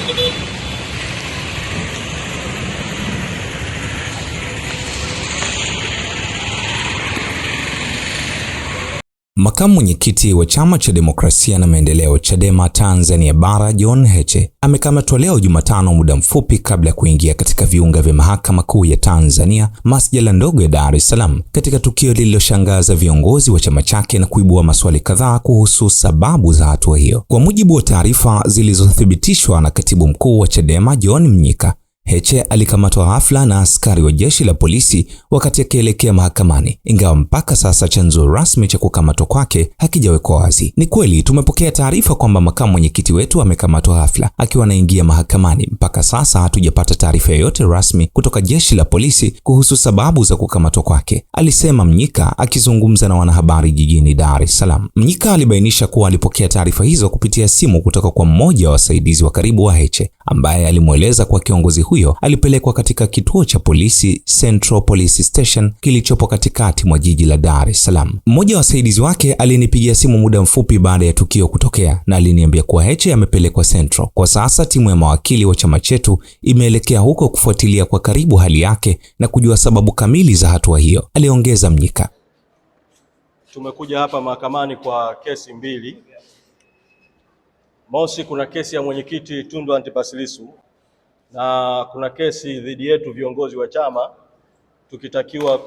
gidiyor. Makamu mwenyekiti wa chama cha demokrasia na maendeleo Chadema Tanzania Bara, John Heche amekamatwa leo Jumatano, muda mfupi kabla ya kuingia katika viunga vya mahakama kuu ya Tanzania, masjala ndogo ya Dar es Salaam, katika tukio lililoshangaza viongozi wa chama chake na kuibua maswali kadhaa kuhusu sababu za hatua hiyo. Kwa mujibu wa taarifa zilizothibitishwa na katibu mkuu wa Chadema John Mnyika, Heche alikamatwa ghafla na askari wa jeshi la polisi wakati akielekea mahakamani, ingawa mpaka sasa chanzo rasmi cha kukamatwa kwake hakijawekwa wazi. Ni kweli tumepokea taarifa kwamba makamu mwenyekiti wetu amekamatwa ghafla akiwa anaingia mahakamani. Mpaka sasa hatujapata taarifa yoyote rasmi kutoka jeshi la polisi kuhusu sababu za kukamatwa kwake, alisema Mnyika akizungumza na wanahabari jijini Dar es Salaam. Mnyika alibainisha kuwa alipokea taarifa hizo kupitia simu kutoka kwa mmoja wa wasaidizi wa karibu wa Heche ambaye alimweleza kwa kiongozi huyo huyo alipelekwa katika kituo cha polisi Central Police Station kilichopo katikati mwa jiji la Dar es Salaam. Mmoja wa wasaidizi wake alinipigia simu muda mfupi baada ya tukio kutokea na aliniambia kuwa Heche amepelekwa Central. Kwa sasa timu ya mawakili wa chama chetu imeelekea huko kufuatilia kwa karibu hali yake na kujua sababu kamili za hatua hiyo, aliongeza Mnyika. Tumekuja hapa mahakamani kwa kesi mbili. Mosi, kuna kesi ya mwenyekiti Tundu Antipasilisu na kuna kesi dhidi yetu viongozi wa chama tukitakiwa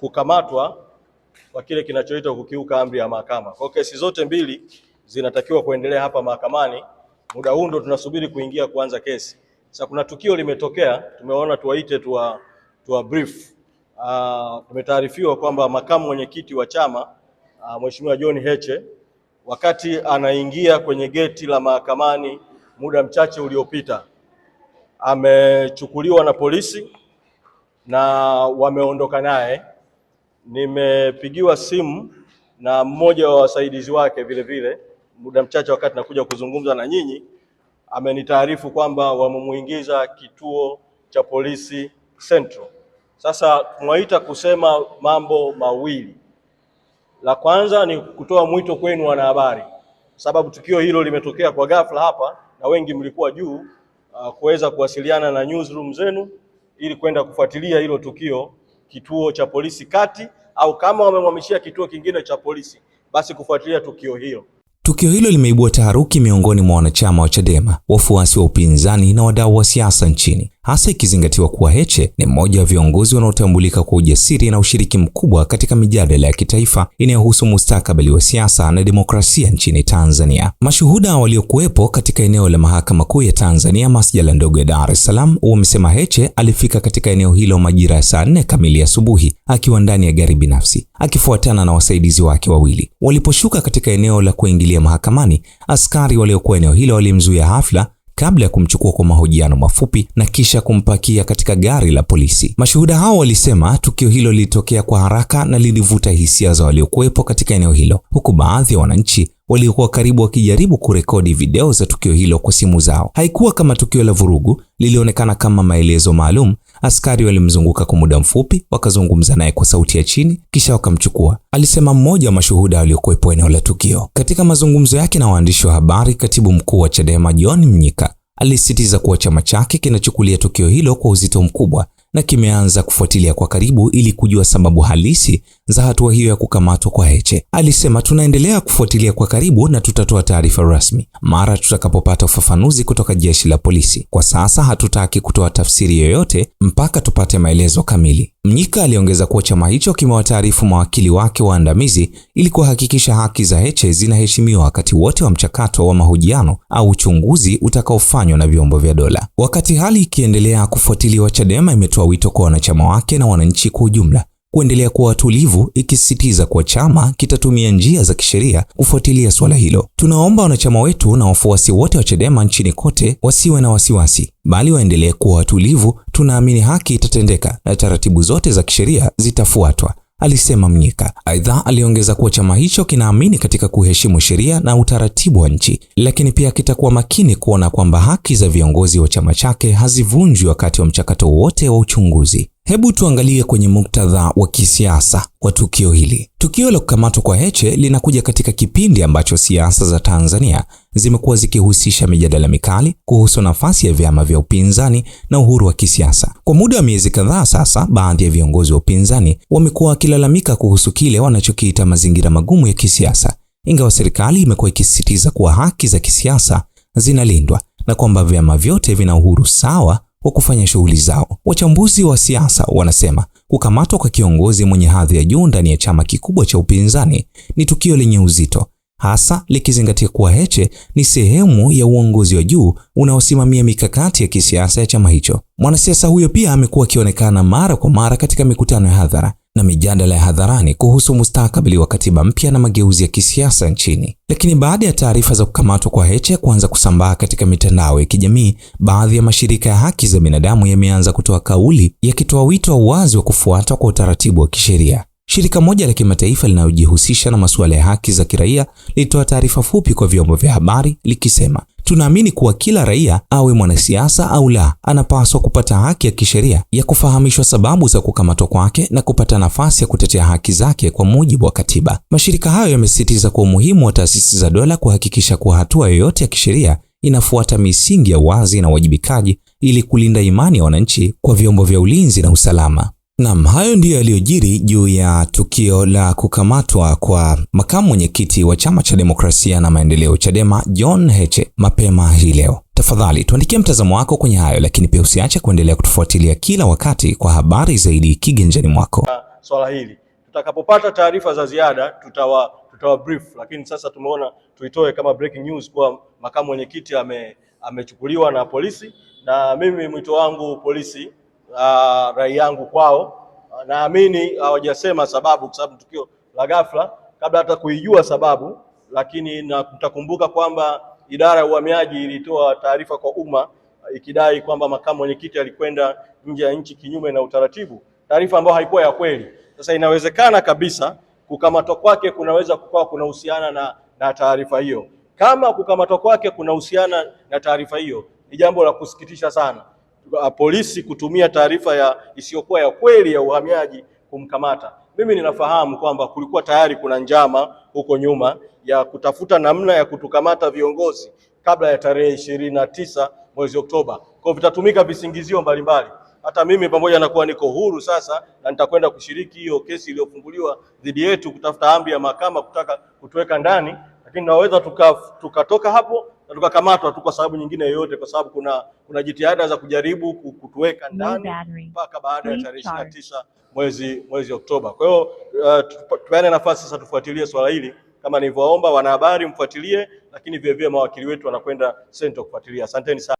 kukamatwa kwa kile kinachoitwa kukiuka amri ya mahakama. Kwa kesi zote mbili zinatakiwa kuendelea hapa mahakamani, muda huu ndo tunasubiri kuingia kuanza kesi. Sasa kuna tukio limetokea, tumeona tuwaite tuwa, tuwa brief. Ah, tumetaarifiwa kwamba makamu mwenyekiti wa chama ah, Mheshimiwa John Heche wakati anaingia kwenye geti la mahakamani muda mchache uliopita amechukuliwa na polisi na wameondoka naye. Nimepigiwa simu na mmoja wa wasaidizi wake vile vile, muda mchache wakati nakuja kuzungumza na nyinyi, amenitaarifu kwamba wamemuingiza kituo cha polisi Central. Sasa mwaita kusema mambo mawili. La kwanza ni kutoa mwito kwenu wanahabari, sababu tukio hilo limetokea kwa ghafla hapa na wengi mlikuwa juu uh, kuweza kuwasiliana na newsroom zenu ili kwenda kufuatilia hilo tukio kituo cha polisi kati, au kama wamemhamishia kituo kingine cha polisi, basi kufuatilia tukio hilo. Tukio hilo limeibua taharuki miongoni mwa wanachama wa Chadema, wafuasi wa upinzani na wadau wa siasa nchini hasa ikizingatiwa kuwa Heche ni mmoja wa viongozi wanaotambulika kwa ujasiri na ushiriki mkubwa katika mijadala ya kitaifa inayohusu mustakabali wa siasa na demokrasia nchini Tanzania. Mashuhuda waliokuwepo katika eneo la Mahakama Kuu ya Tanzania, masjala ndogo ya Dar es Salaam, wamesema Heche alifika katika eneo hilo majira ya saa nne kamili asubuhi akiwa ndani ya gari binafsi akifuatana na wasaidizi wake wawili. Waliposhuka katika eneo la kuingilia mahakamani, askari waliokuwa eneo hilo walimzuia hafla kabla ya kumchukua kwa mahojiano mafupi na kisha kumpakia katika gari la polisi. Mashuhuda hao walisema tukio hilo lilitokea kwa haraka na lilivuta hisia za waliokuwepo katika eneo hilo, huku baadhi ya wananchi waliokuwa karibu wakijaribu kurekodi video za tukio hilo kwa simu zao. Haikuwa kama tukio la vurugu, lilionekana kama maelezo maalum Askari walimzunguka kwa muda mfupi, wakazungumza naye kwa sauti ya chini, kisha wakamchukua, alisema mmoja wa mashuhuda waliokuwepo eneo la tukio. Katika mazungumzo yake na waandishi wa habari, katibu mkuu wa Chadema John Mnyika alisisitiza kuwa chama chake kinachukulia tukio hilo kwa uzito mkubwa na kimeanza kufuatilia kwa karibu ili kujua sababu halisi za hatua hiyo ya kukamatwa kwa Heche. Alisema, tunaendelea kufuatilia kwa karibu na tutatoa taarifa rasmi mara tutakapopata ufafanuzi kutoka jeshi la polisi. Kwa sasa hatutaki kutoa tafsiri yoyote mpaka tupate maelezo kamili. Mnyika aliongeza kuwa chama hicho kimewataarifu mawakili wake waandamizi ili kuhakikisha haki za Heche zinaheshimiwa wakati wote wa mchakato wa mahojiano au uchunguzi utakaofanywa na vyombo vya dola. Wakati hali ikiendelea kufuatiliwa, Chadema imetoa wito kwa wanachama wake na wananchi kwa ujumla kuendelea kuwa watulivu, ikisisitiza kuwa chama kitatumia njia za kisheria kufuatilia suala hilo. Tunaomba wanachama wetu na wafuasi wote wa Chadema nchini kote wasiwe na wasiwasi, bali waendelee kuwa watulivu. Tunaamini haki itatendeka na taratibu zote za kisheria zitafuatwa, alisema Mnyika. Aidha, aliongeza kuwa chama hicho kinaamini katika kuheshimu sheria na utaratibu wa nchi, lakini pia kitakuwa makini kuona kwamba haki za viongozi wa chama chake hazivunjwi wakati wa mchakato wote wa uchunguzi. Hebu tuangalie kwenye muktadha wa kisiasa wa tukio hili. Tukio la kukamatwa kwa Heche linakuja katika kipindi ambacho siasa za Tanzania zimekuwa zikihusisha mijadala mikali kuhusu nafasi ya vyama vya upinzani na uhuru wa kisiasa. Kwa muda wa miezi kadhaa sasa, baadhi ya viongozi wa upinzani wamekuwa wakilalamika kuhusu kile wanachokiita mazingira magumu ya kisiasa, ingawa serikali imekuwa ikisisitiza kuwa haki za kisiasa zinalindwa na kwamba vyama vyote vina uhuru sawa wa kufanya shughuli zao. Wachambuzi wa siasa wanasema kukamatwa kwa kiongozi mwenye hadhi ya juu ndani ya chama kikubwa cha upinzani ni tukio lenye uzito, hasa likizingatia kuwa Heche ni sehemu ya uongozi wa juu unaosimamia mikakati ya kisiasa ya chama hicho. Mwanasiasa huyo pia amekuwa akionekana mara kwa mara katika mikutano ya hadhara na mijadala ya hadharani kuhusu mustakabali wa katiba mpya na mageuzi ya kisiasa nchini. Lakini baada ya taarifa za kukamatwa kwa Heche kuanza kusambaa katika mitandao ya kijamii, baadhi ya mashirika ya haki za binadamu yameanza kutoa kauli yakitoa wito wa uwazi wa kufuatwa kwa utaratibu wa kisheria. Shirika moja la kimataifa linalojihusisha na masuala ya haki za kiraia lilitoa taarifa fupi kwa vyombo vya habari likisema Tunaamini kuwa kila raia awe mwanasiasa au la, anapaswa kupata haki ya kisheria ya kufahamishwa sababu za kukamatwa kwake na kupata nafasi ya kutetea haki zake kwa mujibu wa katiba. Mashirika hayo yamesisitiza kwa umuhimu wa taasisi za dola kuhakikisha kuwa hatua yoyote ya kisheria inafuata misingi ya wazi na uwajibikaji ili kulinda imani ya wananchi kwa vyombo vya ulinzi na usalama. Nam, hayo ndiyo yaliyojiri juu ya tukio la kukamatwa kwa makamu mwenyekiti wa chama cha demokrasia na maendeleo Chadema, John Heche mapema hii leo. Tafadhali tuandikie mtazamo wako kwenye hayo, lakini pia usiache kuendelea kutufuatilia kila wakati kwa habari zaidi kiganjani mwako. Ah, swala hili tutakapopata taarifa za ziada tutawa, tutawa brief, lakini sasa tumeona tuitoe kama breaking news kwa makamu mwenyekiti amechukuliwa na polisi, na mimi mwito wangu polisi uh, rai yangu kwao. naamini hawajasema sababu kwa sababu tukio la ghafla, kabla hata kuijua sababu, lakini na kwamba idara ya uhamiaji ilitoa taarifa kwa umma ikidai kwamba makamu mwenyekiti alikwenda nje ya nchi kinyume na utaratibu, taarifa ambayo haikuwa ya kweli. Sasa inawezekana kabisa kukamatwa kwake kunaweza kukawa kunahusiana na, na taarifa hiyo. Kama kukamatwa kwake kunahusiana na taarifa hiyo, ni jambo la kusikitisha sana. Uh, polisi kutumia taarifa ya isiyokuwa ya kweli ya uhamiaji kumkamata. Mimi ninafahamu kwamba kulikuwa tayari kuna njama huko nyuma ya kutafuta namna ya kutukamata viongozi kabla ya tarehe ishirini na tisa mwezi Oktoba. Kwa vitatumika visingizio mbalimbali. Hata mimi pamoja na kuwa niko huru sasa na nitakwenda kushiriki hiyo kesi iliyofunguliwa dhidi yetu kutafuta amri ya mahakama kutaka kutuweka ndani, lakini naweza tukatoka tuka hapo na tukakamatwa tu kwa sababu nyingine yoyote, kwa sababu kuna, kuna jitihada za kujaribu kutuweka ndani mpaka baada ya tarehe ishirini na tisa mwezi mwezi Oktoba. Kwa hiyo uh, tupeane nafasi sasa, tufuatilie swala hili kama nilivyoomba, wanahabari mfuatilie, lakini vilevile mawakili wetu wanakwenda sento kufuatilia. Asanteni sana.